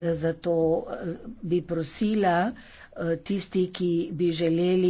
Zato eh, bi prosila eh, tisti, ki bi želeli